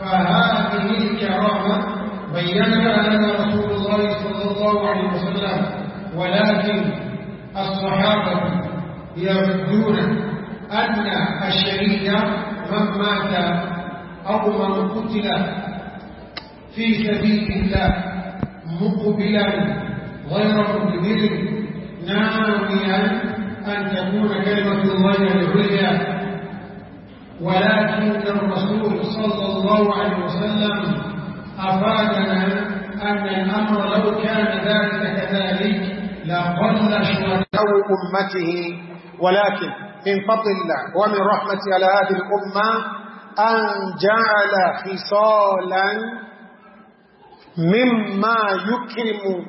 فهذه الكرامة بينها لنا رسول الله صلى الله عليه وسلم ولكن الصحابة يردون أن الشريعة من مات أو من قتل في سبيل الله مقبلا غير مقبل ناويا أن تكون كلمة الله العليا ولكن الرسول صلى الله عليه وسلم أفادنا أن الأمر لو كان ذلك كذلك لقل شهداء أمته ولكن من فضل الله ومن رحمته على هذه الأمة أن جعل خصالا مما يكرم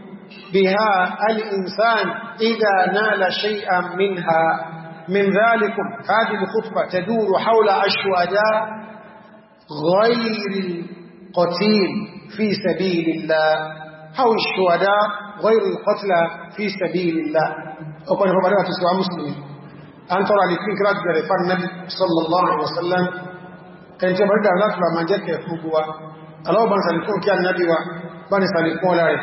بها الإنسان إذا نال شيئا منها من ذلكم هذه الخطبة تدور حول أشهداء غير القتيل في سبيل الله أو الشهداء غير القتلى في سبيل الله أقول لكم أنها سواء مسلمين أن ترى لكي كرات برفان النبي صلى الله عليه وسلم كان تبرد أولاد لما جاءت يفوقوا ألو بان سالكون كان النبي وبان سالكون لاري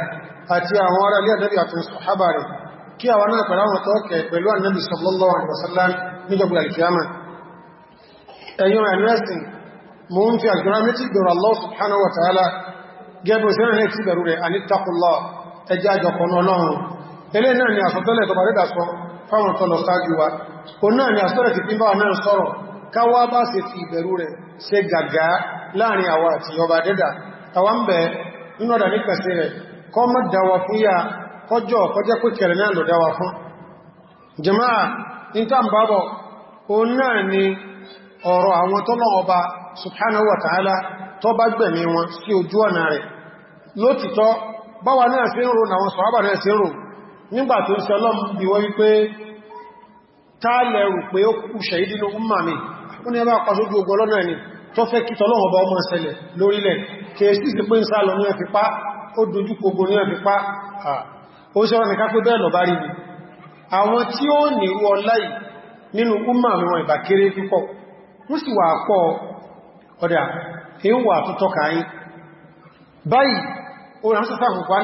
أتيا وراء لي النبي أتنصحبا لي kí àwọn náà pẹ̀lú àwọn tọ́ọ̀kẹ̀ pẹ̀lú annabi sallallahu alaihi wasallam níjọba alkiyama ẹ̀yọ́n ẹ̀rẹ́sìn mo ń fi alkiyama méjì bẹ̀rù allah subhanahu wa ta'ala gẹ́bù sẹ́rẹ̀ ní ti bẹ̀rù rẹ̀ àní takùlọ ẹjẹ́ àjọkọ̀ ọlọ́run ilé náà ni àsọtẹ́lẹ̀ tó bá rẹ̀dà sọ fáwọn tọ́lọ sáájú wa o náà ni àsọtẹ́lẹ̀ ti pín bá náà sọ̀rọ̀ káwá bá ṣe ti ìbẹ̀rù rẹ̀ ṣe kọjọ́ kọjẹ́ pé kẹrẹ náà lọ́dáwà fún jama'a nǹkan ń bábọ̀ o náà ni ọ̀rọ̀ àwọn tọ́lọ̀ọba subhanahu wa ta'ala tó bá gbẹ̀mí wọn sí ojú ọ̀nà rẹ̀ lótìtọ́ báwa náà sí ń rò náwọn sọ̀hábà náà sí ń rò nígbà tó ń sọ ó sọ́rọ̀ nìká pé bẹ́ẹ̀ lọ bá rí ni àwọn tí ó nìrú ọláì nínú umma àwọn ìbàkéré púpọ̀ wọ́n sì wà pọ̀ ọ̀dà èyí wà tó tọ́ka yín báyìí ó rán sọ́fà púpọ̀ àwọn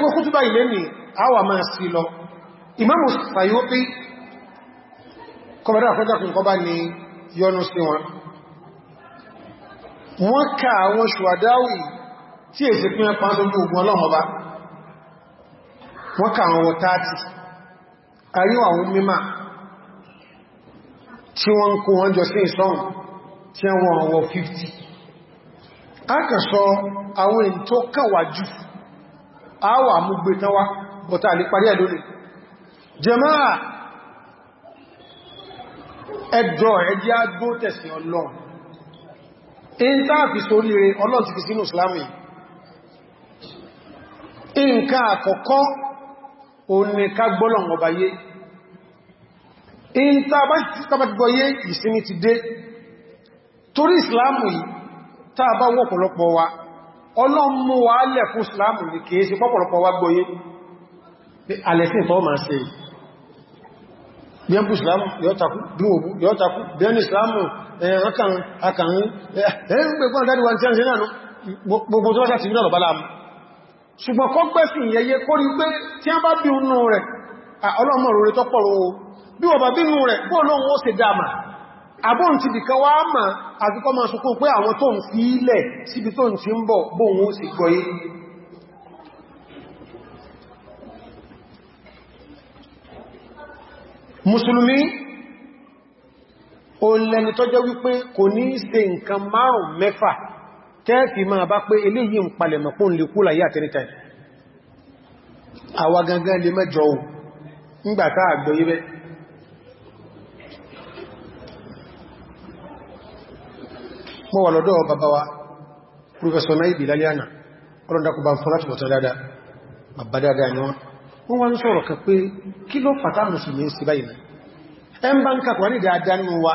nǹkan ni a wà máa sí lọ Imam Sayuti kọmọdé àkọjákùn kọba wọ́n ká àwọn ṣùwàdáwì tí è sí pín ẹpàá lójú ogun ọlọ́run ọba wọ́n ká àwọn wọ̀táàtì àríwà àwọn mímá tí wọ́n kó wọ́n jọ sí ìsọ́n tí wọ́n wọ́n 50 a kà sọ àwọn èyí tó kàwà jù àwà múgbé tán bọ̀tà àlíparí ẹ̀ lónìí jàmáà ẹjọ́ ẹjẹ́ agbó tẹ̀sìn ọlọ́run in ta fi sóríire ọlọ́run ti fi sínú islami nǹkan àkọ́kọ́ òní ká gbọ́lọ̀ ọba yé in ta bá ti gbọ́ yé ìsinmi ti dé torí islamu yìí ta bá wọ́pọ̀lọpọ̀ wa ọlọ́run mú wa lẹ̀ fún islamu ní kìí sí pọ́pọ̀lọpọ̀ wa gbọ́ yé alẹ́sìn tó máa bí ẹ̀bù yóò takú bí ẹni islamu ṣùgbọ́n kọ́ gbẹ́sì ìyẹyẹ kó rí pé tí a bá bí inú rẹ̀ ọlọ́mọ̀ rẹ̀ tó o bí wọ́n bá bí inú rẹ̀ bóò lóhun ó ṣe dáàmà àbóhun ti dìkan wá mà àfikọ́ máa sọkún pé àwọn tó ń fi ilẹ̀ síbi tó ń ti ń bọ̀ o lẹni tó jẹ́ wípé kò ní ṣe nǹkan márùn mẹ́fà tẹ́ẹ̀fì máa bá pé eléyìí ń palẹ̀ mọ̀ pún lè kú láyé àtẹ́rítà àwa gangan lè mẹ́jọ o ńgbàtà àgbọ́yé bẹ́ mọ́ wà lọ́dọ̀ bàbá wa Professor Naibi lálẹ́ànà ọlọ́dàkù ń fún ní dáadáa nínú wa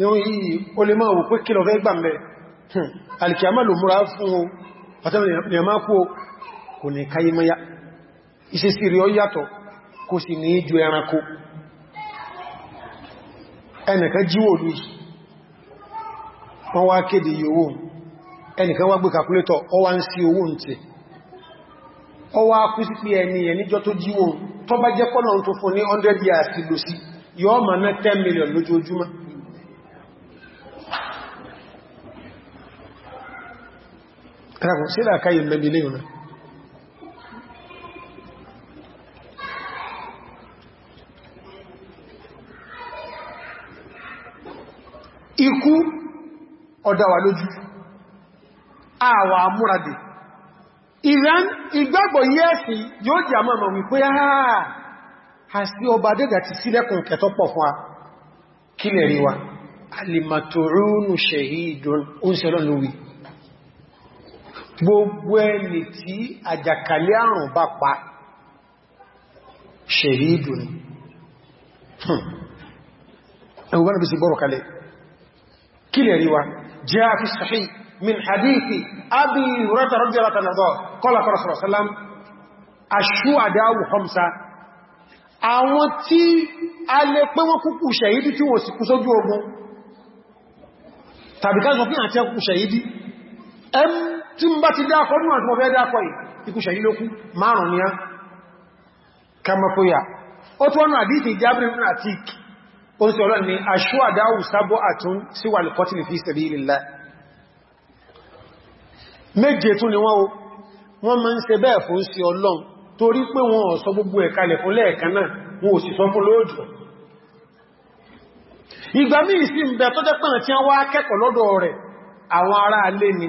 irun yìí ó lè máa wò pé kí lọ fẹ́ gbà mẹ́ alìkìyàmà hmm. ló múra fún o pàtàkì ma kú o kò ní káyí mọ́yá iṣẹ́ sí rí ọ yàtọ̀ kò sì ní ju ẹranko ẹnìkan jíwò lú wọ́n wá kéde yòówó ẹnìkan wá gbé kàkúlétọ̀ ọ wá ń sí owó ń tẹ̀ ọ wá kú sí pé ẹni ẹ̀ tó jíwò tó jẹ́ pọ́nà tó fún ní 100 years lò sí yọ́ ma ná 10 million lójoojúmọ́ ẹ̀kùn sí làkáyè mẹ́bí lè yùn ikú ọ̀dáwà lójú àwà amúradì ìran ìgbàgbọ́ yẹ́ẹ̀sì yóò jẹ́ àmọ́ wípé àà sí ọba dẹ́gà ti sílẹ̀kùn kẹtọ́ pọ̀ fún a kílẹ̀ rí wa alìmàtòrónù ṣèhìdùn oúnṣẹ́lọ́nà wí gbogbo ẹni tí àjàkálẹ̀ àrùn bá pa ṣèrí ìdùnnú hmm. ẹgbẹ́ níbi sí gbọ́rọ̀ kalẹ̀ kí lè ríwa jẹ́ àfi sahih min hadithi abi rata rọ́jọ́lá tanadọ́ kọ́lá kọ́rọ̀ sọ́lám aṣú àdáwù hamsa àwọn tí a lè pé wọ́n kúkú ṣẹ̀yídí tí wọ́n sì kú sójú ogun tàbí ká tí mo bá ti dákọ̀ ní àti mo fẹ́ dákọ̀ ikú ṣẹ̀yí lókú márùn-ún ní á kamakoya ó tó wọnà àdífì jábìnrin àti oúnjẹ ọlọ́rin ni aṣúàdáwù sábọ́ àtún ni wọ́n o wọ́n máa ń ṣe bẹ́ẹ̀ fún sí ọlọ́n torí pé wọ́n ò sọ gbogbo ẹ̀ kalẹ̀ fún lẹ́ẹ̀kan náà wọ́n ò sì sọ fún lóòjọ́ ìgbà míì sí tó jẹ́ pẹ̀rẹ̀ tí wọ́n wá kẹ́kọ̀ọ́ lọ́dọ̀ rẹ̀ àwọn ará alé ni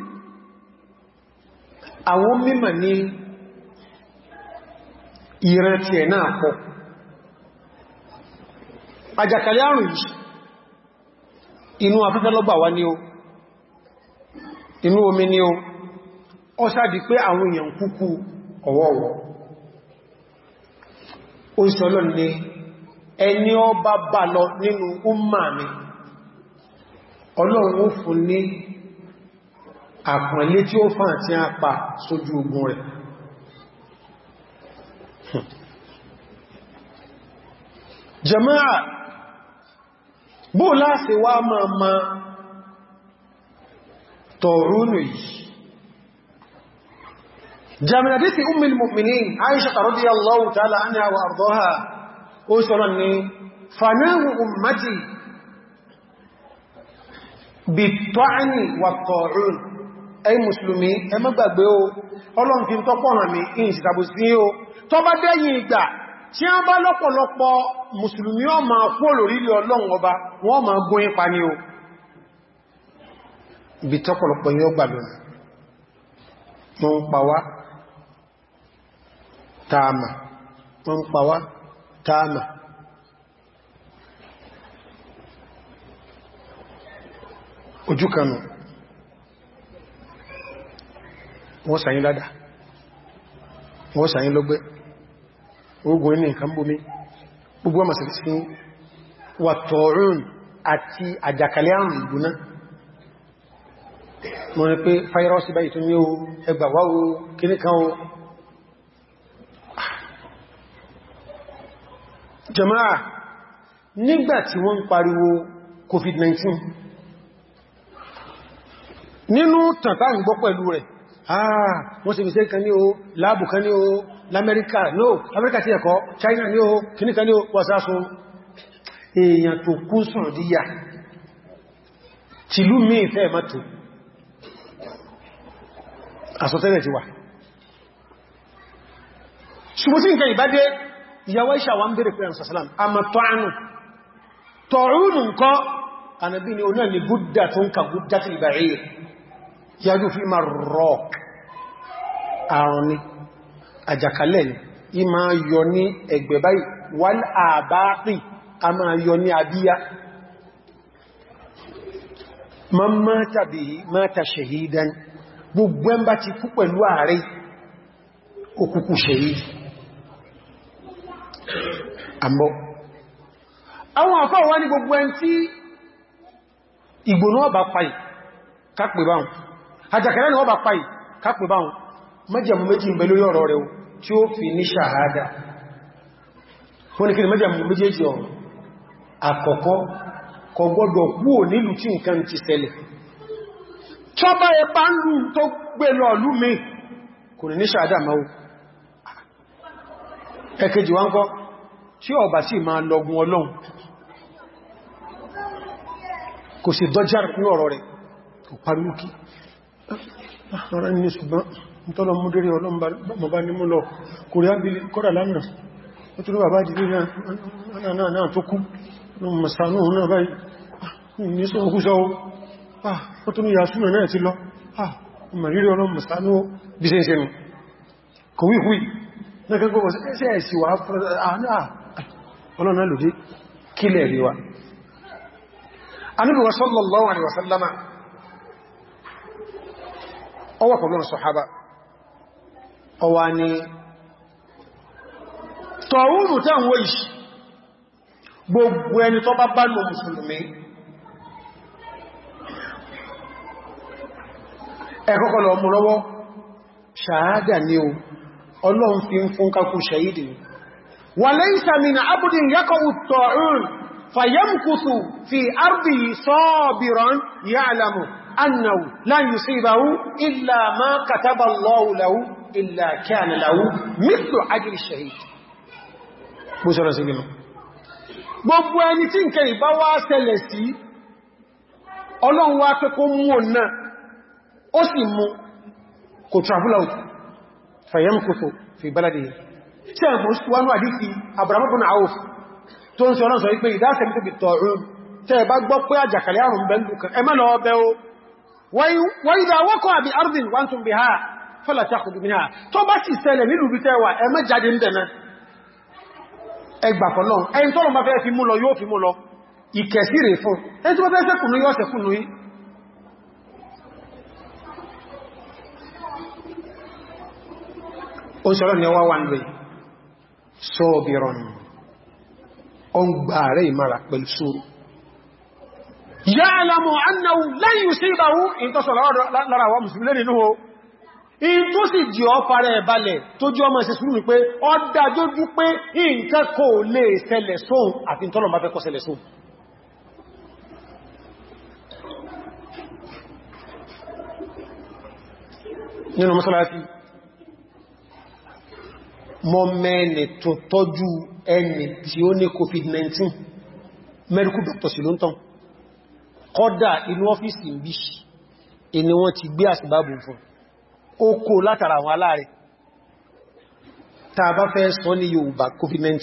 àwọn mímọ̀ ní ìrántí ẹ̀ náà pọ̀ àjàkálẹ̀ àrùn yìí inú afẹ́fẹ́ lọ́gbà wá ní o inú omi ní o ọ sáàdì pé àwọn èèyàn kúkú ọ̀wọ̀ọ̀wọ̀ ó lọ ní ẹni ọ bá bà lọ nínú umma mi ọlọ́run ó fún ní àpọ̀nlé tí ó fàn tí a pa sójú ogun rẹ̀ jama'a bó láti wá máa ma tọ̀rúnù yìí jami'a bí ti ummul mu'minin aisha radiyallahu ta'ala anha wa ardaha ó sọ́rọ̀ ni fanáwù ummati bi tọ́ni wa tọ̀rúnù ẹ̀yin musulmi ẹ má o ọlọ́run fi ń tọ́pọ̀ hàn mí ìyìn o tọ́ bá dẹ́yìn ìgbà tí a bá lọ́pọ̀lọpọ̀ musulmi ọ ma kú olórílẹ̀ ọlọ́run ọba wọ́n ma gún ipa o ibi tọ́pọ̀lọpọ̀ wọ́n sàyín ládà wọ́n sàyín lọ́gbẹ́ ogun ní nǹkan bómi gbogbo ọmọ sí sí wà tọ̀rún àti àjàkálẹ̀ àrùn ìgbóná mọ́ ní pé fáírọ́sì báyìí tó ní o ẹgbà wá o kíníkan o jama'a nígbàtí wọ́n ń pariwo covid-19 nínú tàntà ń gbọ́ pẹ̀lú rẹ̀ ah wọ́n ṣe mistake kan ní o láàbù kan ní o lamẹ́ríkà no amẹ́ríkà ti ẹ̀kọ́ china ní o kìní kan ní o wàsáso èèyàn tó kú sùn díyà tìlú míì fẹ́ mọ́tò àsọtẹ́lẹ̀ ti wà ṣùgbọ́n tí nǹkan ìbádé ìyàwó ìṣà wà ń bèèrè pé àmsàsàlám a ma tọ́ánù tọ̀rúnù ni onáà ni gúdà tó ka gúdà tí ìbàrí yàjú fi ma àrùn ni àjàkálẹ̀ ni yí máa yọ ní ẹgbẹ̀ báyìí wọ́n àbáàpì a máa yọ ní àbíyá ma ń máa tàbí máa ta ṣèhídán gbogbo ẹ̀ bá ti kú pẹ̀lú ààrẹ òkùnkù ṣèhídì àmọ́ àwọn àfáà wá ní gbogbo ẹn tí ìgbónú ọba páyì kápẹ̀ báhùn àjàkálẹ̀ ni ọba páyì kápẹ̀ báhùn májàmú méjì ń bẹ lórí ọ̀rọ̀ rẹ̀ tí ó fi ní ṣàhádà wọ́n ni kí ni májàmú méjèèjì ọ̀rọ̀ àkọ́kọ́ kò gbọ́dọ̀ kúò nílùú tí nǹkan ti ṣẹlẹ̀ tọ́bá ẹpa ń lù tó gbé mi kò ní ṣàhádà máwó tí ọba tọ́lọ mú dérí ọlọ́mọba ní mú lọ kò rí ábí kọ́dà lánàá ó tó rí bàbá dìdí náà tó kú mọ̀sánú náà báyìí ah, ní sọ òkúsọ́ ah, ó tó ní yàásùnà náà ti lọ ah, mọ̀rírí ọlọ́mọ̀sánú bíṣẹ́ṣẹ́nu kò wí kúì lẹ́gbẹ̀gbẹ̀ ọwọ́ pọ̀lọ́nà sọ̀hábà ọwá ni tọ̀húrù tẹ́wọ́ ìṣì gbogbo ẹni tó bá bá lò mùsùlùmí ẹ̀kọ́kọ́ lọ mú lọ́wọ́ ṣàádà ní o ọlọ́run fi ń fún kakú ṣàídì wà lẹ́yìn sàmìnà abúdín yẹ́kọ̀ tọ̀hún fàyẹ́mkùsù ìlà kí a nìláwú mílò ajírí ṣahid bó sọ́rọ̀ sí gínú gbogbo ẹni tí nkẹ ìbá wá ṣẹlẹ̀ sí ọlọ́run wá pé kó mú ọ̀nà ó sì mú kò travel out fàyẹ́m kòtò fi báládìí tí a mọ̀ sí wánú àdíkì àbúrámọ́bùn àwòf tó ń sọ́rọ̀ sọ wípé ìdásẹ̀mítò bí ha fọ́lá tí a kùdù mìíràn tó bá sì ṣẹlẹ̀ nílùú bí tẹ́wà ẹ má jáde ń dẹ̀nà ẹgbàkọ̀ náà ẹni tọ́rọ bá fẹ́ fi mú lọ yóò fi mú lọ ìkẹsí rẹ̀ fún ẹni tó bá fẹ́ sẹ́kùnú yóò sẹ́kùnú yí ó sọ́rọ̀ ni ọwá wà lóyìí sọ́ọ̀bìrọ̀n ọ ń gba ààrẹ ìmára pẹ̀lú sóòrò ya'lamu annahu lan yusibahu ìntọ́sọ̀ lára wà mùsùlùmí lẹ́nìí in tó sì jì ọ fara ẹ̀balẹ̀ tó jí ọmọ ìṣẹ́ sùúrù pé ọ dájójú pé nǹkan kò lè ṣẹlẹ̀ sóhun àti tọ́lọ̀ bá fẹ́ kó ṣẹlẹ̀ sóhun nínú mọ́sánláti mọ́ mẹ́ni tó tọ́jú ẹni tí ó ní COVID-19 medical doctor sí kọ́dà inú ọ́fíìsì ń ìní wọ́n ti gbé àsìbábù fún oko látara àwọn aláàrẹ tàbá fẹ́ sọ ní Yorùbá covid-19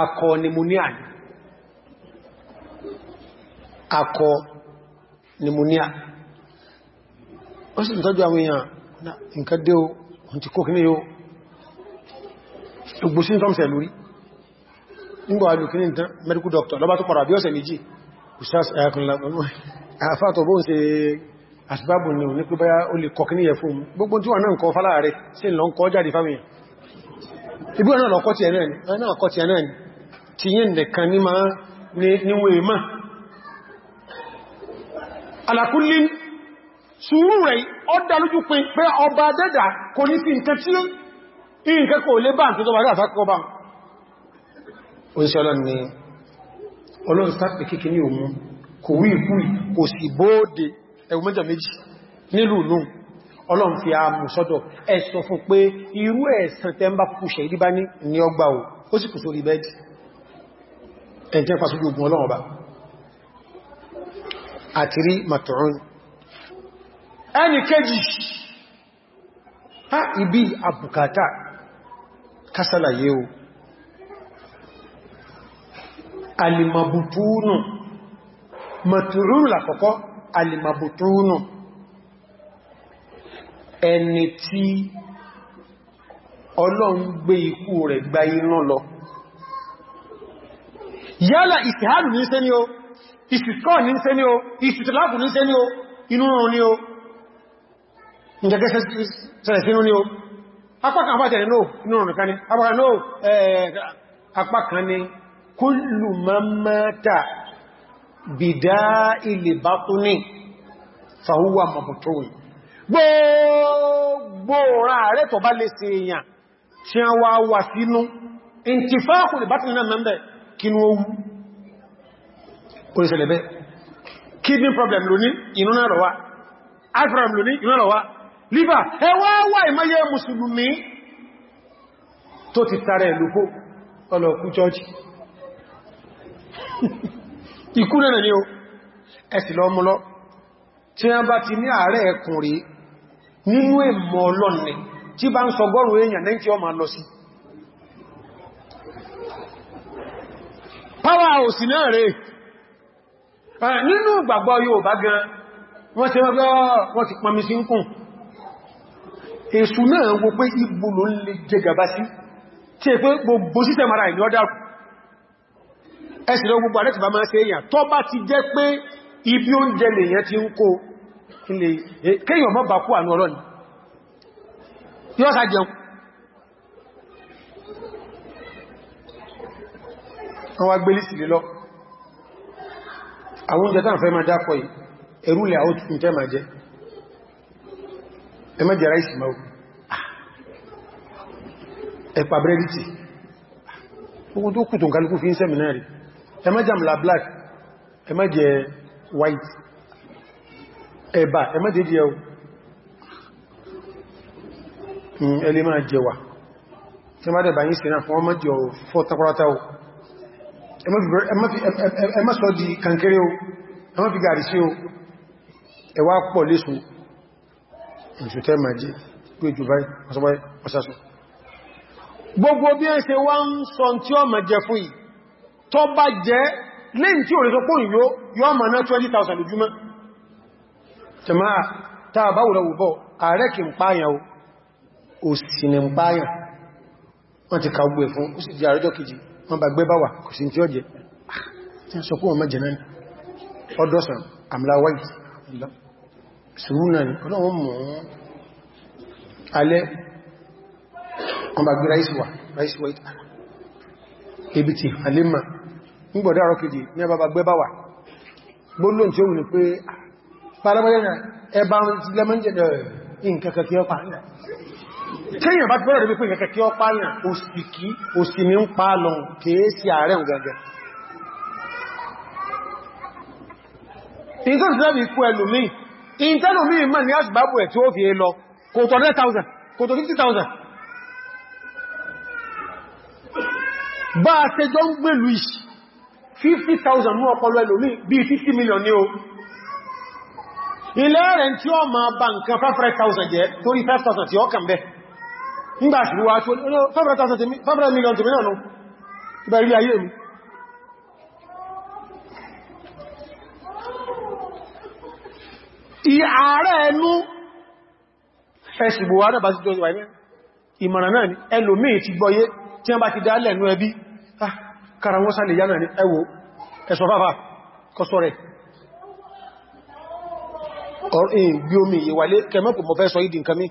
akọ pneumonia ni akọ pneumonia ó sì tọ́jú àwọn èèyàn nǹkan dé o wọ́n ti kó kí ní o gbogbo symptoms ẹ̀ lórí nígbà alùkí ní ìtàn medical doctor lọ́bá tó pàdà bí ọ̀sẹ̀ méjì ìṣàfàtọ̀ àṣìbábò ní òní pé báyá ó lè kọkíní yẹ fún gbogbo tí wọ́n náà ń kọ fálà rẹ̀ sí lọ ń kọ jáde fáwọn ibi ọ̀nà ọ̀kọ́ ti ẹ̀nà ẹ̀nà ọ̀kọ́ ti ẹ̀nà ti yẹn nìkan ní máa níwẹ̀ máa alàkúlé sùúrù rẹ̀ ó dá lójú kò wí ìkú kò sì bóòdè ẹwù mẹ́jọ méjì nílùú lóhun ọlọ́run fi ààmù sọ́dọ̀ ẹ̀sọ̀ fún pé irú ẹ̀sàn tẹ́ ń bá kú ṣẹ̀dí bá ní ní ọgbà ò ó sì kù sórí bẹ́ẹ̀dì ẹ̀jẹ́ fásójú ogun ọlọ́run ọba àti rí màtọ̀rún ẹni kéjì ha ibi àbùkátà kásàlàyé o alìmọ̀bùtúnù màtọ̀rún làkọ́kọ́ alìmàbùtúnù ẹni tí ọlọ́run gbé ikú rẹ̀ gba iná lọ yálà ìsìhálù ní ṣe ní o ìsìkọ́ ní ṣe ní o ìsìtìláàkù ní ṣe ní o inú rùn ní o ìjẹ́gẹ́ sẹ́rẹ̀ sínú ní o apákan apákan náà bìdá ilẹ̀ bá tó ní fàúwà mọ̀bùtún gbogbo ra rẹ̀ tó bá lè ṣe èèyàn tí a wá wà sínú ìntìfáàkù lè bá tó nínú mẹ́bẹ̀ kí ní owó orísẹ̀lẹ̀ bẹ́ kidney problem lóní inú náà lọ́wà heart problem lóní inú náà lọ́wà liver ẹwà wà ìmọ́yẹ mùsùlùmí tó ti tààrẹ ìlúkó ọlọ̀kú chọ́ọ̀chì ikú náà ni ó ẹ̀sì lọ múlọ tí wọ́n bá ti ní ààrẹ ẹkùn rí nínú èmọ̀ ọlọ́ni tí bá ń sọgọ́rùn èèyàn lẹ́ntí ọmọ lọ sí pàwà òsì náà rẹ̀ nínú ìgbàgbọ́ Yorùbá gan wọ́n ṣe mọ́gbọ́ wọ́n ti pọnmi sí ń kùn náà wo pé lè jẹ gàbá sí tí è pé gbogbo sísẹ̀ mara ìní ọdá kù ẹsìnà gbogbo àrẹ́tì bá máa ṣe èyàn tó bá ti jẹ́ pé ibi oúnjẹ lèyàn ti ń kó e, kéyàn mọ́ bá kú ànú ọlọ́ni yọ́ sá jẹun àwọn agbélìsì lè lọ àwọn oúnjẹ tán fẹ́ máa dákọ̀ yìí àwọn òtùkùn tó kù ń kálukú fi ń sẹ́mìnà rí ẹmẹ́jàmìlà black ẹmẹ́jẹ white ẹ̀bà ẹmẹ́jẹ jẹ́ ẹlẹ́ hmm, máa jẹwà tí má dẹ̀bà yìí sẹ́nà fún ọmọ jẹ́ fọ́ takwárátá o ẹmẹ́ di kankéré o ẹmẹ́ fi gàrí sí o ẹwà pọ̀ lẹ́sù ìṣùtẹ́ máa jẹ́ gbé jù báyìí gbogbo bí ẹ ṣe sọ tí ọmọ jẹ fún yìí tó bá jẹ́ lẹ́yìn tí ò lè sọ pọ́ ìyó yọ́ mọ̀ ná 20,000 lójúmọ́ jama'a tàà bá wùlọ wùbọ́ ààrẹ kì ń páyàn o ò sì ní ń páyàn wọ́n ti ka gbé fún ó sì di àrẹ́jọ́ kejì wọ́n bá gbé báwà kò sí tí ó jẹ́ tí ń sọ pé wọ́n mẹ́jẹ náà ọdọ́sàn àmìlà white sùúrù náà ni ọlọ́wọ́n mọ̀ alẹ́ wọ́n bá gbé rice white ebi ti alẹ́ máa nígbọ̀dára kejì ní ẹbàbà gbẹ́bà wà gbóòlò tí ó wù ní pé ah, palamọ́lẹ́nà ẹbà lẹ́mọ́jẹ̀dẹ̀ ìǹkẹ́kẹ́kẹ́ ọpa àyà kíyàn bá ti bọ́rọ̀ rí pé ìǹkẹ́kẹ́ ọpa àyà òsìkí òsìmí ń pa lọ kèésì ààrẹ ǹgagà bá a ṣe jọ ń gbèlú ìṣì 50,000 mú ọpọlọ ẹlòmí bí 50 million ní o ilẹ̀ rẹ̀ tí ó máa bá nǹkan 500,000 jẹ́ torí 5,000 tí ó kàn bẹ́ nígbà ṣùgbọ́n wá tó 500 million tó mìíràn ìgbà ilé ayé mi ìyàrá ẹnu fẹ́ṣùgbò wá náà bá sí jọ ìwà ẹ̀mẹ́ ìmọ̀ràn náà ni ẹlòmí ti gbọ́yé tí wọ́n bá ti dálẹ̀ ẹnu ẹbí ah, karawọ́sá lè yánà ní ẹwò ẹ̀sọ̀ bàbá kọsọ rẹ̀ ọ̀rin bí omi ìyẹ̀wàlé kẹmọ́kù mọ̀fẹ́ sọ ìdí nǹkan mi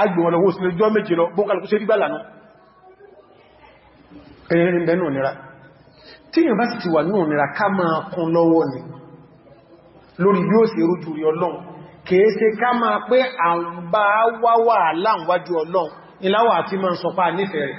agbìmọ̀lọ́wọ́ sí lójọ́ méjì lọ bókàlùkú sí rígbà ni lórí bí ó sì rújú rí ọlọ́run kèése ká máa pé àwọn bá wáwà láwájú ọlọ́run ìláwà àti máa ń sọpá nífẹ̀ẹ́ rẹ̀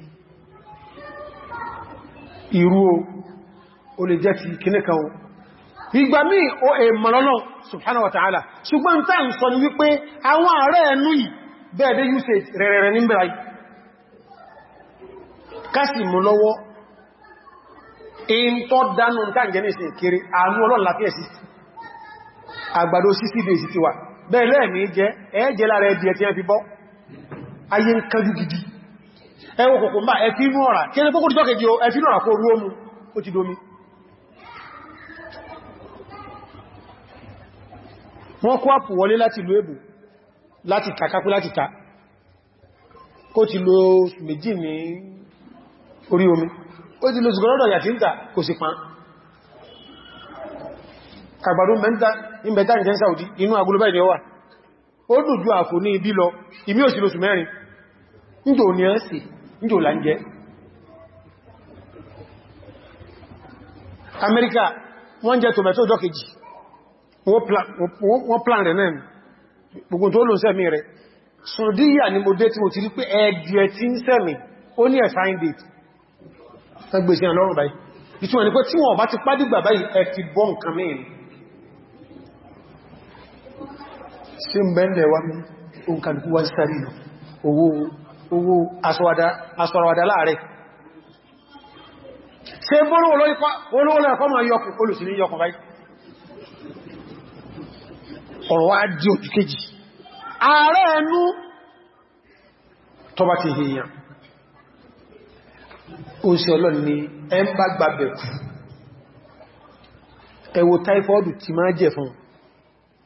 irú o lè jẹ́ ti kìníkà o ìgbà míì o èmọ̀lọ́lọ́ subhanahu wa ta'ala ṣùgbọ́n tá sọ ni wípé àwọn ààrẹ ẹnu yìí bẹ́ẹ̀dẹ́ usage rẹ̀rẹ̀rẹ̀ ní bẹ̀rẹ̀ kásì mú lọ́wọ́ in tó dánú tá jẹ́ ní ẹwọ kòkòmbà ẹfínú ọ̀rà kí ẹni kókò tí tọ́kẹ̀ jí o ẹfínú ọ̀rà kó rúó mú ó ti domi wọ́n kó àpù wọlé láti lo èbò láti kàkápé láti ta kó ti lo méjì ní orí omi ó ti lo ṣùgbọ́nọ́dọ̀ yà tí ń ta kò sì pan kàgbàdún mẹ́ta ìbẹ̀ta ìjẹ́ Saudi inú agolobá ìdí ọwà ó dùn ju àkò ní ibi lọ ìmí òsìlòsù mẹ́rin nígbò ní ẹ́sì níjò là ń jẹ́ Amẹ́ríkà wọ́n jẹ́ tomato ọjọ́ kejì wọ́n plan rẹ̀ náà gbogbo tó lò sẹ́mì rẹ̀ sọ̀díyà ni mo dé tí mo ti rí pé ẹ̀dìẹ̀ tí ń sẹ́mì ó ní ẹ̀sáìn date gbèsè àlọ́rùn báyìí ìtumọ̀ ní pé tí wọ́n bá ti pádìgbà báyìí ẹ ti bọ́ nǹkan mẹ́rin sí ń wá mú òǹkàlùkú wá sáré owó owó asọ̀rọ̀wàdà láàrẹ ṣe bọ́rọ̀ olówó náà fọ́mọ̀ yọkùn olùsìn ní yọkùn báyìí ọ̀rọ̀ wá dí òjú kejì ààrẹ ẹnu tọba ti hìyàn ó sì ọlọ́ni ni ẹ ń bá gbàbẹ̀kù ẹwọ táífọ́ọ̀dù ti máa jẹ fún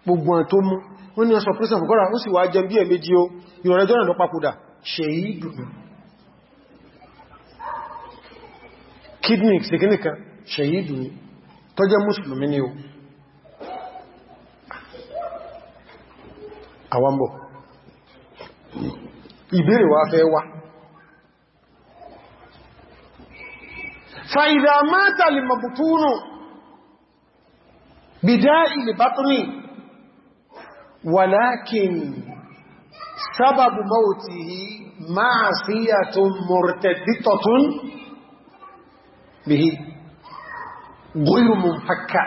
gbogbo àtó mú wọ́n ni ọ̀sọ̀ pẹ́sàn fọ́kọ́rà ó sì wá jẹ ṣeyidu kidney sikinika ṣeyidu tó jẹ́ musulmi ni o àwọ̀mbọ̀ ìbéèrè wa fẹ́ wá fa'idà mata lè mabutunu bidá ilẹ̀ bátúrí wàlákin sábàbù mọ́ọ̀tì yìí máa sí àtún mọ̀rẹ̀tẹ̀dítọ̀tún bihi gbóyùn mú haka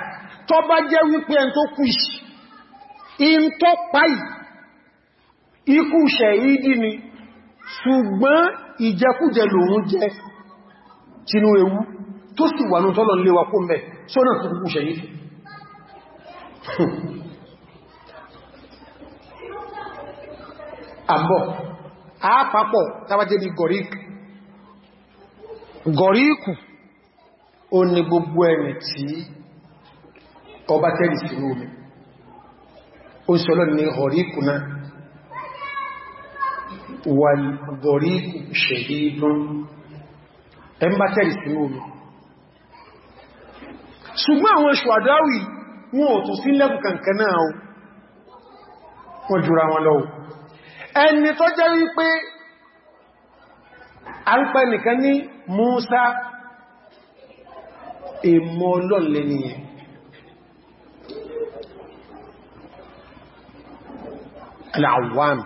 tó bá jẹ́ wípé ẹn tó kú ìṣì in tó páì ikú ṣẹ̀yìdì ni ṣùgbọ́n ìjẹkújẹ lòun jẹ tínú ewu tó sì wà ní tọ́lọ̀ léwà kó mẹ́ sónà tó kú ṣẹ̀yìdì àbọ̀ àápapọ̀ tàbájẹ́ bí gọ̀ríkù gọ̀ríkù ó ní gbogbo ẹni tí ọba tẹ́rì sí omi ó ń sọ́lọ́ ní gọ̀ríkù náà wà gọ̀ríkù ṣẹ̀dí ìdún ẹmbá tẹ́rì sí omi ṣùgbọ́n àwọn ṣùwàdáwì wọn ò tún sí lẹ́bù kankanáà wọn jùra wọn lọ́wọ́ ẹni tó jẹ́ wípé a ń pẹ nìkan ní Musa èmọ́ ọlọ́lẹ̀ nìyẹn aláwàm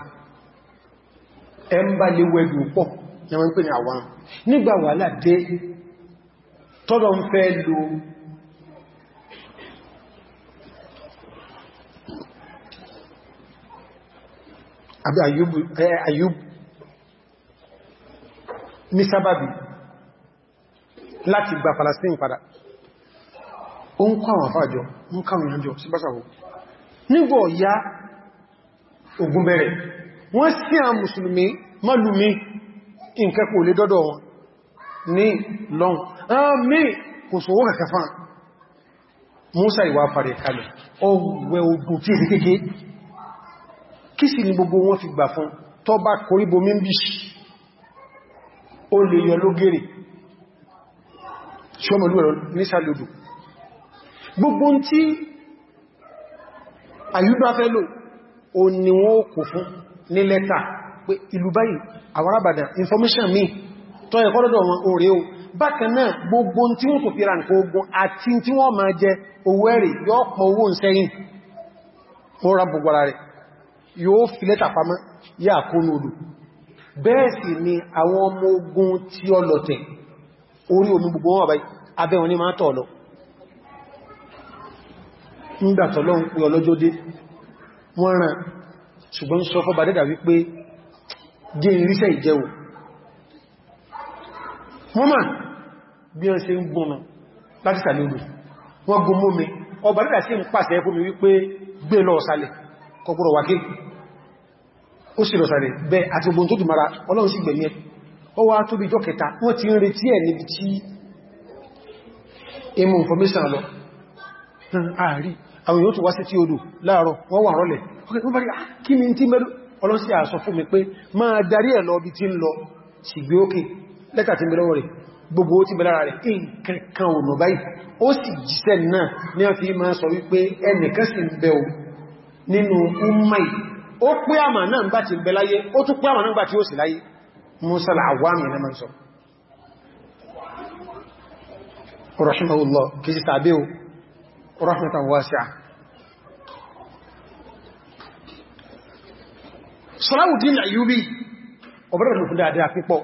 ẹn bá lè wẹ́dù pọ̀ ní wọ́n ń pè ní àwàm nígbà wà láti tọ́lọ ń fẹ́ lo àbí Ayub ní sábàbí láti gba Palestine padà ó ń kọ́ àwọn àfáàjọ ń káwọn ìyànjọ sí báṣàwò nígbò ọ̀yá ogun bẹ̀rẹ̀ wọ́n sí àwọn mùsùlùmí mọ́lùmí ìǹkẹ́kù lè dọ́dọ̀ wọn ní lọ́n àmì kò sówó kẹfà Musa ìwà fàrẹ̀ kalẹ̀ ọgbẹ̀ ogun tí èsì kí sì ni gbogbo wọn fi gbà fún tó bá koríbo mímbì ó lè yọ lógèrè tí ó mọ̀lú ẹ̀rọ gbogbo tí àyúbá fẹ́ lò o ni wọ́n kò fún ní lẹ́tà pé ìlú báyìí àwọn àbàdàn information mi tó ẹ̀kọ́ lọ́dọ̀ wọn orí o bákan náà gbogbo tí wọ́n kò fi ra nǹkan ogun àti tí wọ́n máa jẹ owó ẹ̀rẹ̀ yọ́ pọ̀ owó ń sẹ́yìn gbogbo ara rẹ̀ yóò fi lẹ́tà pamọ́ yà kónú odò bẹ́ẹ̀ sì ni àwọn ọmọ ogun tí ó lọ̀tẹ̀ orí omi gbogbo wọn àbáyí abẹ́ wọn ni máa tọ̀ lọ nígbàtọ̀lọ́ ń pè ọlọ́jọ́ dé wọ́n ràn ṣùgbọ́n sọ fọ́ bàdẹ́dà wípé jẹ́ ìrísẹ́ ìjẹwò wọ́n mà bí wọ́n ṣe ń gbọ́nà láti sàlẹ̀ odò wọ́n gbọ́n mọ́ mi ọbàdẹ́dà kọkùrọ̀ wákí ó sì lọ́sàrẹ̀ bẹ àti ogun tó dùmara ọlọ́run sì gbẹ̀mí ẹ ó wá tó bí jọ kẹta wọ́n ti ń retí ẹ̀ níbi tí imú information lọ ààrí àwọn yóò tó wá sí tí odò láàárọ̀ wọ́n wà rọ́lẹ̀ ah, kí ni tí mẹ́rù ọlọ́sí àsọ fún mi pé máa darí ẹ̀ lọ bí tí ó sì jíṣẹ́ náà ní a fi máa sọ wípé ẹnìkan sì ń bẹ ohun nínú ummai ó pé àmà náà gbà ti bẹ láyé ó tún pé àmà náà gbà tí ó sì láyé musa al'awami na mọ́sọ̀ rahimahullah kìí tàbí o rahmatan wasi'a Salahuddin Ayyubi ọ̀bẹ̀rẹ̀ lòfin dáadáa pípọ̀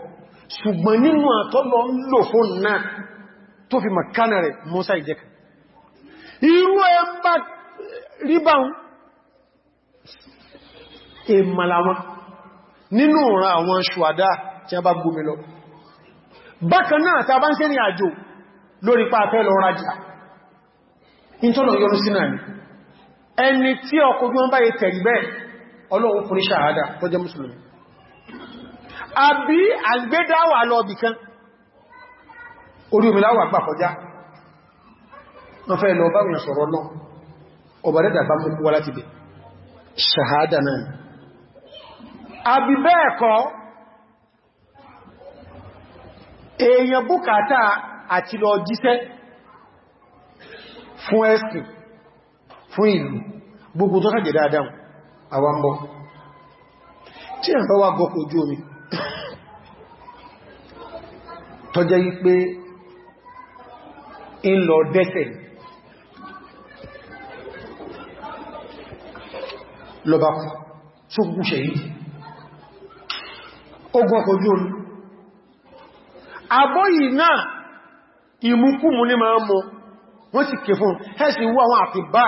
ṣùgbọ́n nínú àtọ́lọ èmàláwọn nínú ọ̀ràn àwọn ṣùwádá tí a bá gómi lọ bákan náà tí a bá ń ṣe ní àjò lórí pàtẹ́ lọ rajà ìtọ́nà yọrù sínà ní ẹni tí ọkọ̀ bí wọ́n báyé tẹ̀rí bẹ́ẹ̀ ọlọ́run kò ní ṣàhádà tó jẹ́ mùsùlùmí àbí àgbédáwà ṣàhádà náà àbí bẹ́ẹ̀ ati èèyàn fun àti lọ jíṣẹ́ fún ẹ̀sìn fún ìlú gbogbo tó kàjẹ̀ dáadáa tí omi tọ́jẹ́ yí pé ń dẹ́sẹ̀ lọ́bá kú tó gún ṣẹ̀yìn ogun ọkọ̀ ojú omi abọ́yì náà ìmúkúmù ní máa mọ́ wọ́n sì ké fún ẹ̀sì wú àwọn àtìbá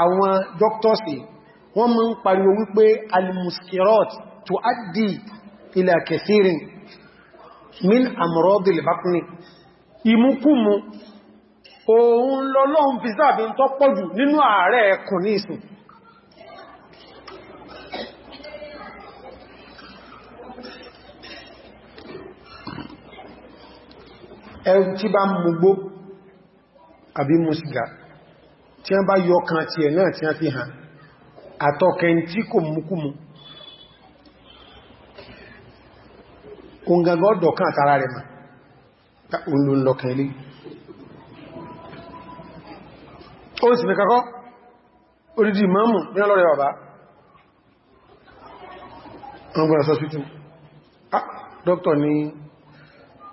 àwọn dọ́kítọ́sì wọ́n mú pariwo wípé alimuskirot tó addi ila kathirin min amrodil ìmúkúmù òun lọ́lọ́un fi sáàbí ń tọ́ pọ̀jù nínú ààrẹ ẹkùn ní ìsìn ẹ̀rùn tí bá mugbó àbí tí kan ti ẹ̀ náà tí wọ́n fi hàn àtọ́kẹ́ tí kò múkúmu oúngangan àtàrà rẹ̀ ó sì fẹ́ kakọ́ orídì mọ́mù ní ọlọ́rẹ̀ ọ̀bá ọgbọ̀n sọ́sítù dókítọ̀ ní ah,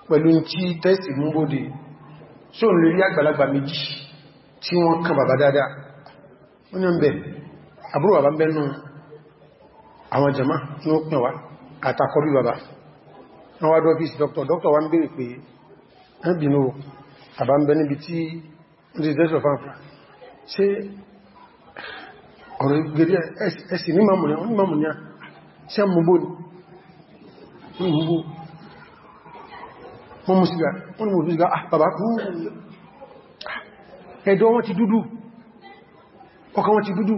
pẹ̀lú tí tẹ́sì mú bóde só ń lórí àgbàlagbà méjì tí wọ́n kan bàbá dáadáa wọ́n ní ọmọ àbúrò bàbá bẹ́nu àwọn jama ní ó pẹ̀wà àtàkọ́bí bàbá wọ́n wá dọ́fíìsì dókítọ̀ dókítọ̀ wá ń bèèrè pé ẹbìnú àbámbẹ́ níbi tí ó ti tẹ́sọ̀ fáfà ṣe ọ̀rọ̀ gẹ̀rẹ́ ẹ̀sì ní mọ̀mù ní ṣe mọ̀gbó ní mọ̀gbó wọ́n mú sígá wọ́n mú sígá ah, bàbá kú ah, ẹ̀dọ̀ wọn ti dúdú ọkà wọn ti dúdú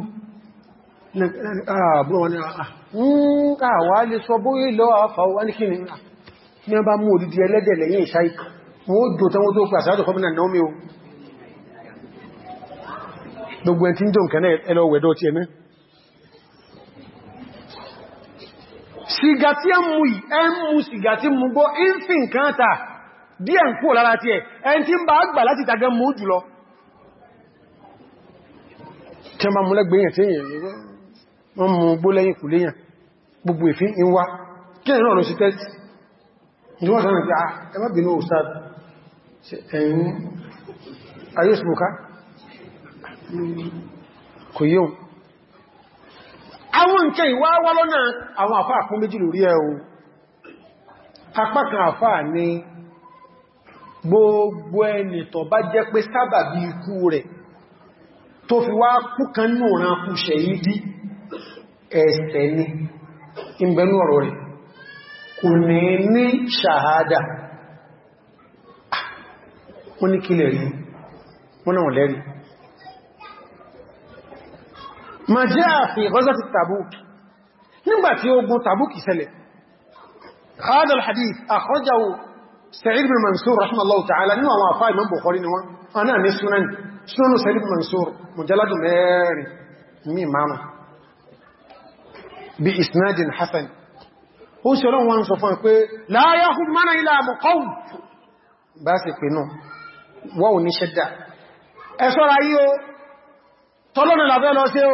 ààbúrò ah, wọn ni àwà hmm, lè sọ bóyí lọ àfàwà ní kí ni ní ọba mú òdìdí ẹlẹ́dẹ̀ lẹ́yìn ìṣáì wọ́n ó dò tán wọ́n tó pàṣà gbogbo ẹni tí ń jọ nǹkan náà ẹlọ́wẹ̀dọ́ ti ẹ̀mí sìgá tí ẹ mú yìí ẹ mú sìgá tí mú bọ́ ìfì nǹkan ta díẹ̀ ń kú lára ti ẹ̀ ẹni tí ń bá gbà láti tagẹ mú jùlọ tí ma mú lẹ́gbẹ̀ẹ́yàn tí èyàn wọ́n mú gbó lẹ́yìn kù léyàn ah, smoker kò yíò àwọn nǹkan ìwá wá lọ́nà àwọn àfáà kún méjì lórí ẹ̀ o apákan àfáà ni gbogbo ẹni tó bá jẹ́ pé sábàbí ikú rẹ̀ tó fi wá kúkan núran kú ṣẹ̀yí bí ẹ̀ẹ̀sẹ̀ ni ìbẹ̀nú ọ̀rọ̀ rẹ̀ kò ní ní ṣàhádà ah, wọ́n ní kílẹ̀ rí wọ́n náà lẹ́rìí ma jẹ́ àfin gọ́zọ́tì Tabuk nígbàtí ogun Tabuk ìṣẹ̀lẹ̀ hadal hadith akhrajahu Sa'id bin Mansur rahimallahu ta'ala nínú àwọn afá Imam Bukhari ni wọ́n aná ní sunan sunu Sa'id bin Mansur mujalladun mẹ́rin mi mama bi isnadin hasan ó ṣe ọlọ́run wọn sọ fún ẹ pé la yahumana ila ẹ̀ṣọ́ra yí o tọ́lọ́nà làbẹ́ lọ sí o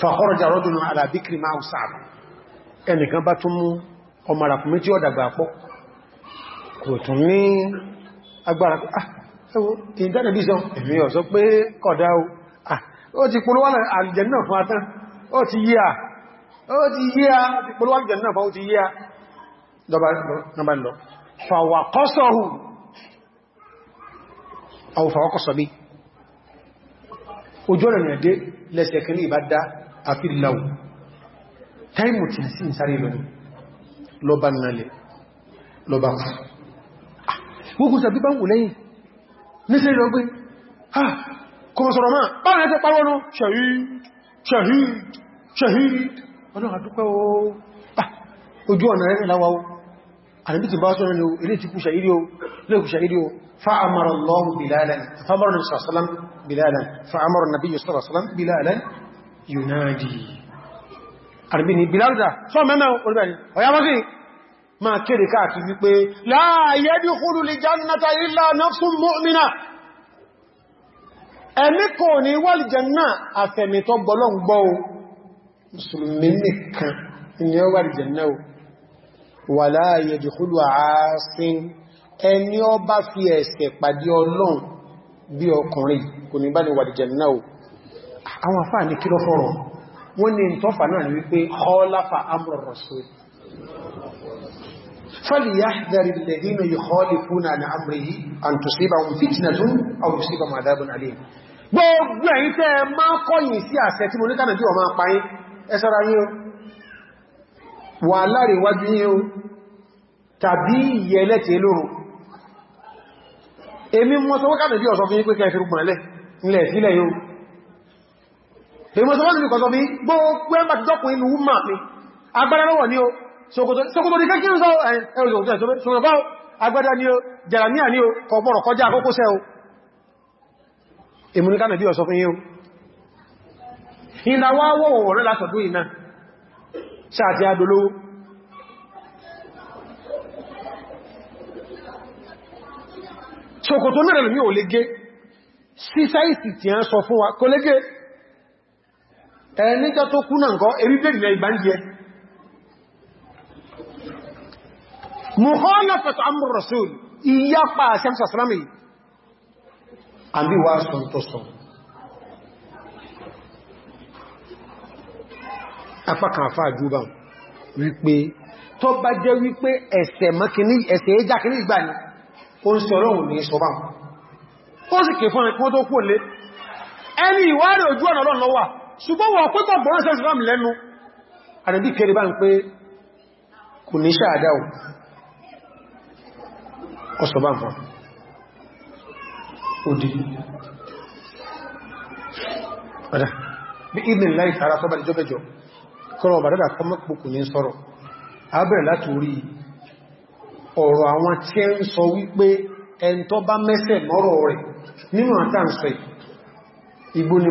fàkọ́rọ̀jà rọ́dùnú àlàbíkiri máa sáàbù ẹnìkan bá tún mú ọmọ àràkùnmí tí ó dàgbà pọ̀ kò tún ní agbára ìdánilẹ́bíṣàn ah, èmi ọ̀sọ́ pé kọ̀dá ah, ó ti polówà àlìjẹ̀nà fún atán ó ti yí à ó ti yí à ti polówà àlìjẹ̀nà fún ó bí ojú ọ̀rẹ̀ lẹ́sẹ̀kẹ́ ní ìbá dá àfi láwù táìmù tí sí sáré lọ ní lọ́bá nálẹ̀ lọ́bá kú ah, gbogbo sàbí bá ń wù lẹ́yìn nísẹ́ lọ gbé ha ah, kọmọ sọ̀rọ̀ máa bára ẹ́ tẹ́ parọ́ nú shahid shahid shahid ọdún àdúpẹ́ ah, ojú ọ̀nà rẹ̀ láwá o àníbí ti bá sọ́rọ̀ ní ilé ti kú shahidi o ilé kú shahidi o fa'amara Allah bilalan fa'amara yunadi àrìbí ni biláàdà sọ mẹ́mẹ́ orílẹ̀-èdè ọ̀yá wọ́n sí ma kéde káàkiri wípé láàyẹ́dì kúrú lè jannata illa nafsun mu'mina ẹni kò ní wọ́lì janna àfẹ̀mẹ̀tọ́ gbọ́lọ́gbọ́ o musulmi nìkan ni ó wọ́lì janna o wà láàyẹ́dì kúrú àásín ẹni ó bá fi ẹ̀ṣẹ̀ pàdé ọlọ́run bí ọkùnrin kò ní bá ní wọ́lì janna o àwọn afáà ní kí ló fọ́rọ̀ wọ́n ní tọ́fà náà wípé ọláfà amru فليحذر الذين يخالفون عن امره ان تصيبهم فتنه او يصيبهم عذاب اليم gbogbo ẹ̀yin tẹ́ ma kọ̀yìn sí àṣẹ tí mo ní kánàjú ọmọ apáyín ẹ ṣọ́ra yín o wà láàrin wájú yín o tàbí ìyẹ̀lẹ́tẹ̀ lóòrùn èmi mọ́ èyí mọ́ sọ́wọ́n nìkan sọ bí gbogbo ẹmbà ti jọ́kùn inú wúmà mi agbára lọ́wọ́ ní o ṣòkòtò ní kékí ń sọ ẹ̀rọ agbádá ní o jẹ̀ràníà ní o kọ̀gbọ̀rọ̀ kọjá àkókò sẹ́ o èmúníká nàbí ọ̀sọ́ fún yíò ìlàwọ́ wọ́wọ́ rẹ̀ látọ̀dún ìná sáàtì adolówó ṣòkòtò mẹ́rẹ̀ gé sí sáìsì tí a ń sọ fún wa kò lé gé ẹ̀ẹ́nìjọ́ tó kú náà nǹkan erí bèèrè ní ìbáńdí ẹ mukhalafat amr rasul ìyapa àṣẹ́mṣà sàrámì àbí wá sọ tó sọ afákan afá àjúbà wípé tó bá jẹ́ wípé ẹ̀sẹ̀ mọ́kíní ẹ̀sẹ̀ ẹjá kìí ìgbà ni ó ń sọ lóhun ní sọ ó sì kè fún ẹkùn tó kú lé ẹni ìwárí ojú ọ̀nà lọ́nà ṣùgbọ́n wọ́n pẹ́kọ̀ bọ́rọ̀ sí islam lẹ́nu àdàbí kẹrì bá ń pé kò ní ṣáàdá ò ọ̀sọ̀ bá ń fà òdí padà bí ibn láì tààrà sọ́bà ìjọ́bẹ̀jọ́ kọ́rọ̀ bàdàdà kọmọ́pùpù ní sọ́rọ̀ abẹ̀rẹ̀ láti orí ọ̀rọ̀ àwọn tí ẹ ń sọ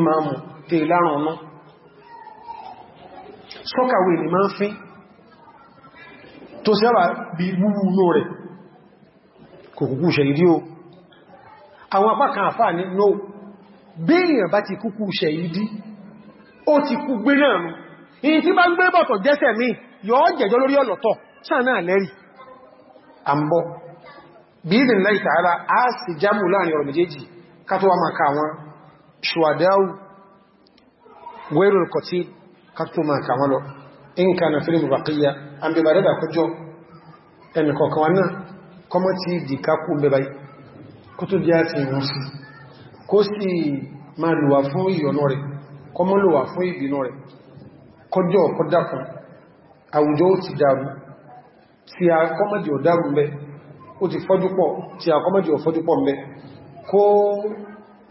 máa mú tí ìlàrùn ọmọ sọ́kàwé ni máa ń fín tó sẹ́wà bí wúwú inú rẹ̀ kò kúkú ṣẹ̀yìdí o àwọn apákan àfáà ní no bí èèyàn bá ti kúkú ṣẹ̀yìdí ó ti kú gbé náà nù ìyí tí bá ń gbé bọ̀tọ̀ jẹ́sẹ̀ mi yọ́ jẹjọ́ lórí ọlọ̀tọ̀ sáà náà lẹ́rìí wẹ́rù kọtí kàtùmà kàwọlọ in ka na fílì bàkíyà an bẹ bàrẹ́ dàkọjọ́ ẹnìkọ̀ọ̀kan wọn náà kọmọ ti di kákù bẹbàí kó tó jẹ́ àti ìwọ̀n sí kó sì máa lùwà fún ìyọ̀nà rẹ̀ kọmọ fún ìbìnà rẹ̀ kọjọ́ kọdákan àwùjọ ó ti dàrú tí a kọmọdì ọ̀dárù mẹ́ ó ti fọ́júpọ̀ tí a kọmọdì ọ̀fọ́júpọ̀ mẹ́ kó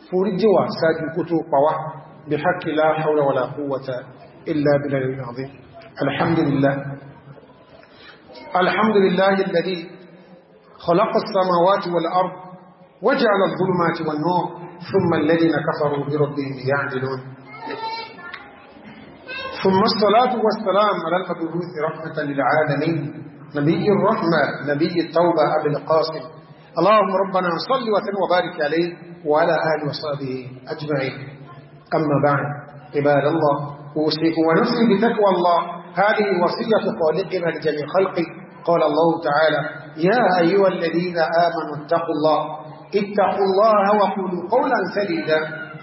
foríjìwà sáájú kó tó pàwàá بحق لا حول ولا قوة إلا بالله العظيم الحمد لله الحمد لله الذي خلق السماوات والأرض وجعل الظلمات والنور ثم الذين كفروا بربهم يعدلون ثم الصلاة والسلام على المبعوث رحمة للعالمين نبي الرحمة نبي التوبة أبي القاسم اللهم ربنا صل وسلم وبارك عليه وعلى آله وصحبه أجمعين أما بعد عباد الله أوصيك ونفسي بتقوى الله هذه وصية خالقنا لجميع خلقه قال الله تعالى يا أيها الذين آمنوا اتقوا الله اتقوا الله وقولوا قولا سديدا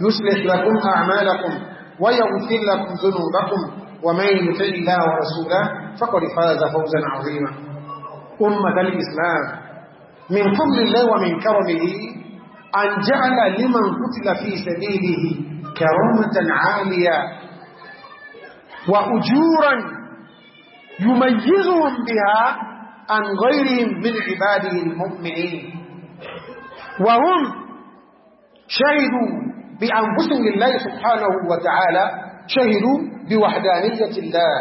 يصلح لكم أعمالكم ويغفر لكم ذنوبكم ومن يطع الله ورسوله فقد فاز فوزا عظيما أمة الإسلام من فضل الله ومن كرمه أن جعل لمن قتل في سبيله كرامة عالية وأجورا يميزهم بها عن غيرهم من عباده المؤمنين وهم شهدوا بأنفسهم لله سبحانه وتعالى شهدوا بوحدانية الله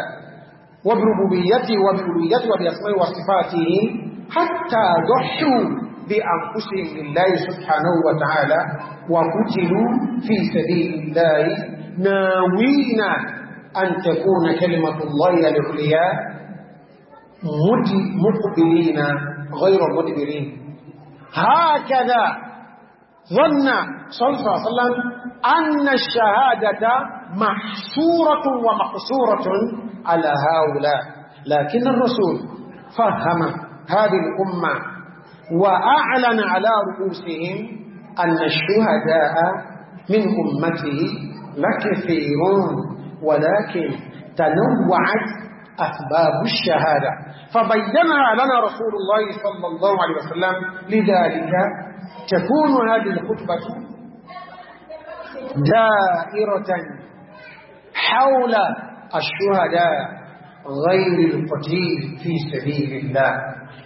وبربوبيته وبربوبيته وبأسمائه وصفاته حتى ضحوا بأنفسهم لله سبحانه وتعالى وقتلوا في سبيل الله ناوين أن تكون كلمة الله للعليا مقبلين غير مدبرين هكذا ظن صلى الله عليه وسلم أن الشهادة محصورة ومقصورة على هؤلاء لكن الرسول فهم هذه الأمة وأعلن على رؤوسهم أن الشهداء من أمته لكثيرون ولكن تنوعت أسباب الشهادة فبينها لنا رسول الله صلى الله عليه وسلم لذلك تكون هذه الخطبة دائرة حول الشهداء غير القتيل في سبيل الله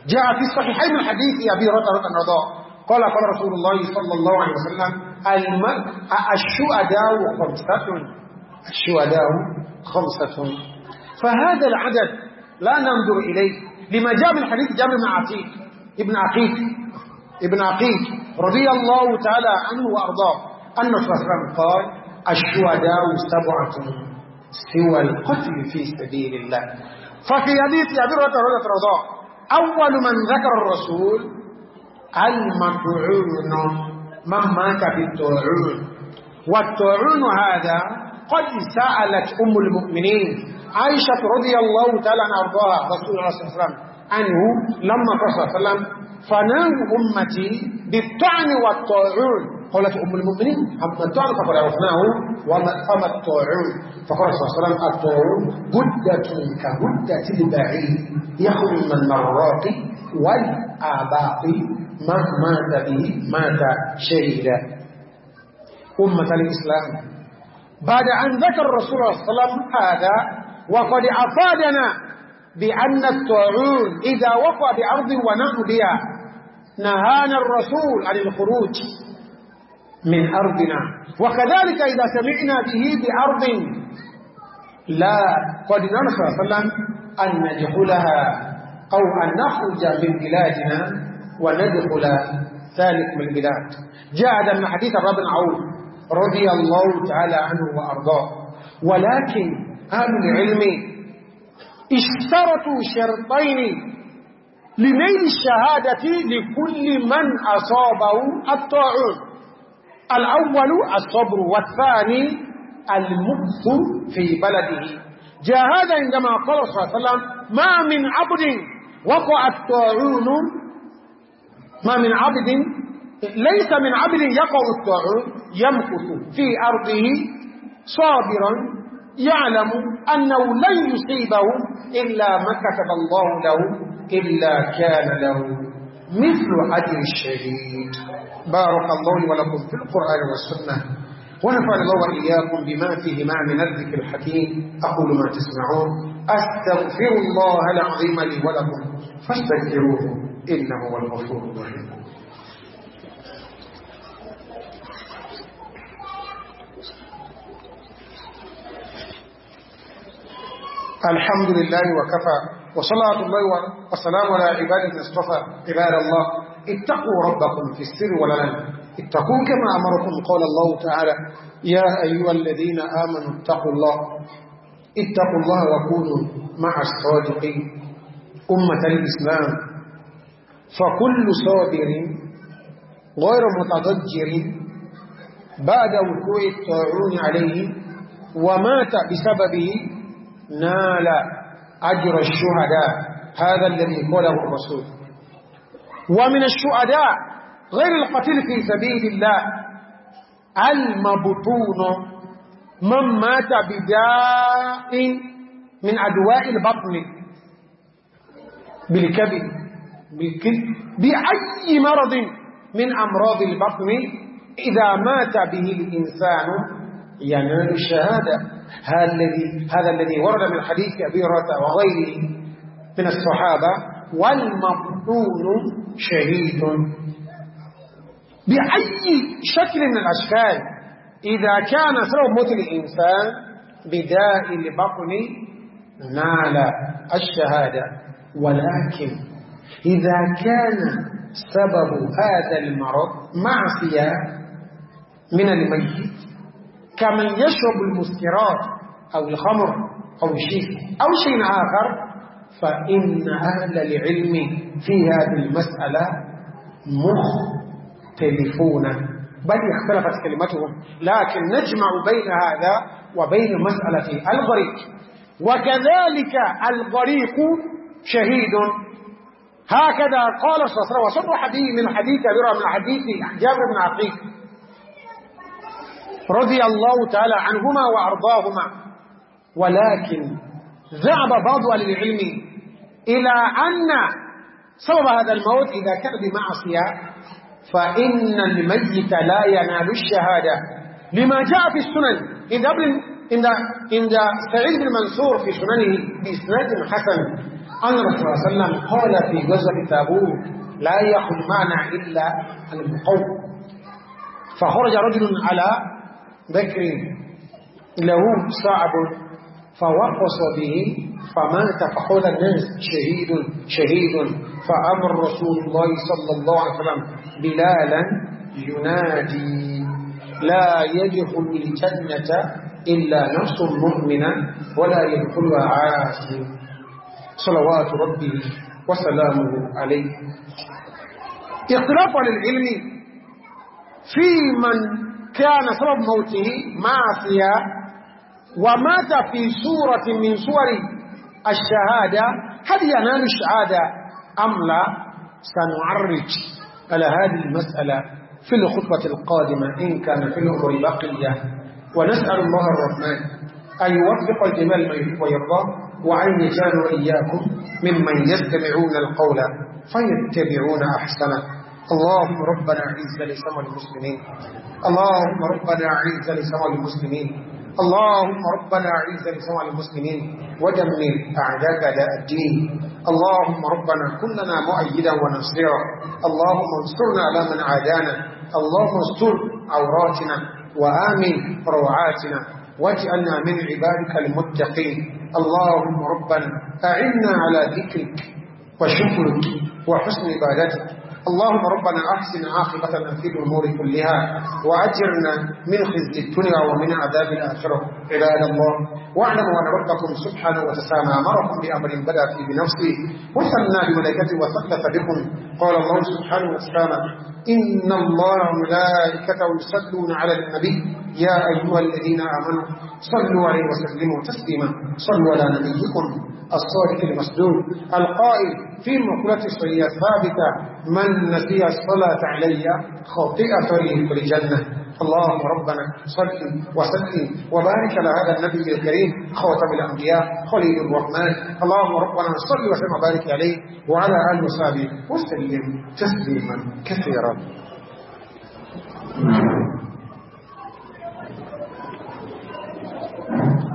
جاء في الصحيحين الحديث أبي رضا رضا قال قال رسول الله صلى الله عليه وسلم الشهداء خمسة الشهداء خمسة فهذا العدد لا ننظر إليه لما جاء من حديث جابر بن عقيل ابن عقيق ابن عقيق رضي الله تعالى عنه وأرضاه أن صلى الله عليه وسلم قال الشهداء سبعة سوى القتل في سبيل الله ففي حديث أبي رضي الله أول من ذكر الرسول المطعون من مات بالطعون والطاعون هذا قد سألت أم المؤمنين عائشة رضي الله تعالى عنها رسول الله صلى الله عليه وسلم عنه لما قال صلى الله عليه وسلم فنام أمتي بالطعن والطاعون قالت أم المؤمنين أما الطعن فقد عرفناه وما الطاعون فقال صلى الله عليه وسلم الطاعون هدة كبدة البعير يخرج من مراقي والبعير آبائي ما مات به مات شهيدا أمة الإسلام بعد أن ذكر الرسول صلى الله عليه وسلم هذا وقد أفادنا بأن الطاعون إذا وقع بأرض ونحن نهانا الرسول عن الخروج من أرضنا وكذلك إذا سمعنا به بأرض لا قد نرخى صلى الله عليه وسلم أن ندخلها أو أن نخرج من بلادنا وندخل ثالث من البلاد جاء هذا من حديث الرب العون رضي الله تعالى عنه وأرضاه ولكن أهل العلم اشترطوا شرطين لنيل الشهادة لكل من أصابه الطاعون الأول الصبر والثاني المبث في بلده جاء هذا عندما قال صلى الله عليه وسلم ما من عبد وقع الطاعون ما من عبد ليس من عبد يقع الطاعون يمكث في أرضه صابرا يعلم أنه لن يصيبه إلا ما كتب الله له إلا كان له مثل أجر الشهيد بارك الله ولكم في القرآن والسنة ونفع الله وإياكم بما فيهما من الذكر الحكيم أقول ما تسمعون أستغفر الله العظيم لي ولكم فاستغفروه إنه هو الغفور الرحيم الحمد لله وكفى وصلاة الله وسلام على عباد اصطفى عباد الله اتقوا ربكم في السر والعلن اتقوا كما أمركم قال الله تعالى يا أيها الذين آمنوا اتقوا الله اتقوا الله وكونوا مع الصادقين أمة الإسلام فكل صابر غير متضجر بعد وقوع الطاعون عليه ومات بسببه نال أجر الشهداء هذا الذي قاله الرسول ومن الشهداء غير القتيل في سبيل الله المبطون من مات بداء من أدواء البطن بالكبد بأي مرض من أمراض البطن إذا مات به الإنسان ينال الشهادة هذا الذي هذا الذي ورد من حديث أبي هريرة وغيره من الصحابة والمقتول شهيد بأي شكل من الأشكال إذا كان موت الإنسان بداء لبطن نال الشهادة ولكن إذا كان سبب هذا المرض معصية من الميت كمن يشرب المسكرات أو الخمر أو شيء أو شيء آخر فإن أهل العلم في هذه المسألة مختلفون بل اختلفت كلمتهم لكن نجمع بين هذا وبين مسألة الغريق وكذلك الغريق شهيد هكذا قال صلى الله حديث وصرح به من حديث أبيرا من حديث أحجاب بن عقيل رضي الله تعالى عنهما وأرضاهما ولكن ذهب بعض أهل العلم إلى أن سبب هذا الموت إذا كان بمعصية فإن الميت لا ينال الشهادة لما جاء في السنن عند عند عند سعيد بن منصور في سننه بإسناد حسن أن رسول الله صلى الله عليه وسلم قال في غزوة تابوت لا يخل معنا إلا القوم فخرج رجل على بكر له صعب فوقص به فمات فقال الناس شهيد شهيد فأمر رسول الله صلى الله عليه وسلم بلالا ينادي لا يدخل الجنة إلا نفس مؤمنا ولا يدخلها عاصي صلوات ربه وسلامه عليه اختلاف للعلم في من كان سبب موته معصية ومات في سورة من سور الشهادة هل ينال الشهادة أم لا سنعرج على هذه المسألة في الخطبة القادمة إن كان في الأمر بقية ونسأل الله الرحمن أن يوفق الجمال ما ويرضى وأن يجعل إياكم ممن يستمعون القول فيتبعون أحسنه اللهم ربنا أعز لسوء المسلمين اللهم ربنا أعز لسوء المسلمين اللهم ربنا أعز لسوء المسلمين ودمر أعداء أداء الدين اللهم ربنا لنا مؤيدا ونصيرا اللهم انصرنا على من عادانا اللهم استر عوراتنا وآمن روعاتنا واجعلنا من عبادك المتقين اللهم ربنا أعنا على ذكرك وشكرك وحسن عبادتك اللهم ربنا أحسن عاقبتنا في الأمور كلها وأجرنا من خزي الدنيا ومن عذاب الآخرة عباد الله واعلموا أن ربكم سبحانه وتسامى أمركم بأمر بدأ فيه بنفسه وثنى بملائكته وثلث بكم قال الله سبحانه وتسامى إن الله وملائكته يصلون على النبي يا أيها الذين آمنوا صلوا عليه وسلموا تسليما صلوا على نبيكم الصادق المصدوق القائل في مقولة صحية ثابتة من نسي الصلاة علي خطئ طريق الجنة اللهم ربنا صل وسلم وبارك على هذا النبي الكريم خاتم الانبياء خليل الرحمن اللهم ربنا صل وسلم وبارك عليه وعلى اله وصحبه وسلم تسليما كثيرا Thank you.